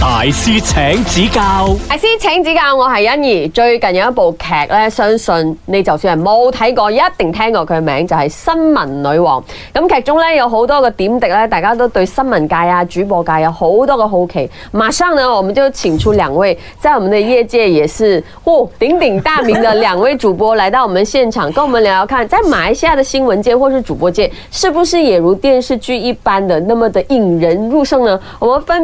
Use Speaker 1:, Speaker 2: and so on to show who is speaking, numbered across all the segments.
Speaker 1: 大師請指教，
Speaker 2: 大師請指教，我係欣怡。最近有一部劇咧，相信你就算係冇睇過，一定聽過佢嘅名，就係《新聞女王》。咁劇中咧有好多嘅點滴咧，大家都對新聞界啊、主播界有好多嘅好奇。馬上呢，我們就請出兩位在我們的業界也是鼎鼎大名的兩位主播，來到我們現場，跟我們聊聊看，在馬來西亞的新聞界或是主播界，是不是也如電視劇一般的那麼的引人入勝呢？我們分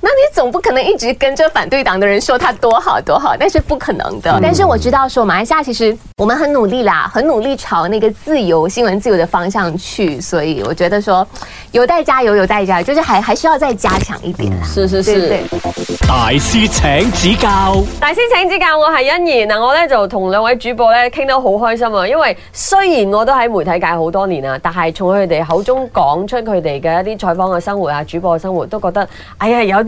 Speaker 3: 那你總不可能一直跟着反對黨的人說他多好多好，那是不可能的、嗯。但是我知道說，馬來西亞其實我們很努力啦，很努力朝那個自由、新聞自由的方向去。所以我覺得說，有待加油，有待加油，就是還還需要再加強一點啦。是是是，
Speaker 2: 對對
Speaker 1: 大師請指教，
Speaker 2: 大師請指教，我係欣怡嗱，我呢，就同兩位主播呢傾得好開心啊。因為雖然我都喺媒體界好多年啦、啊，但係從佢哋口中講出佢哋嘅一啲採訪嘅生活啊，主播嘅生活，都覺得哎呀有。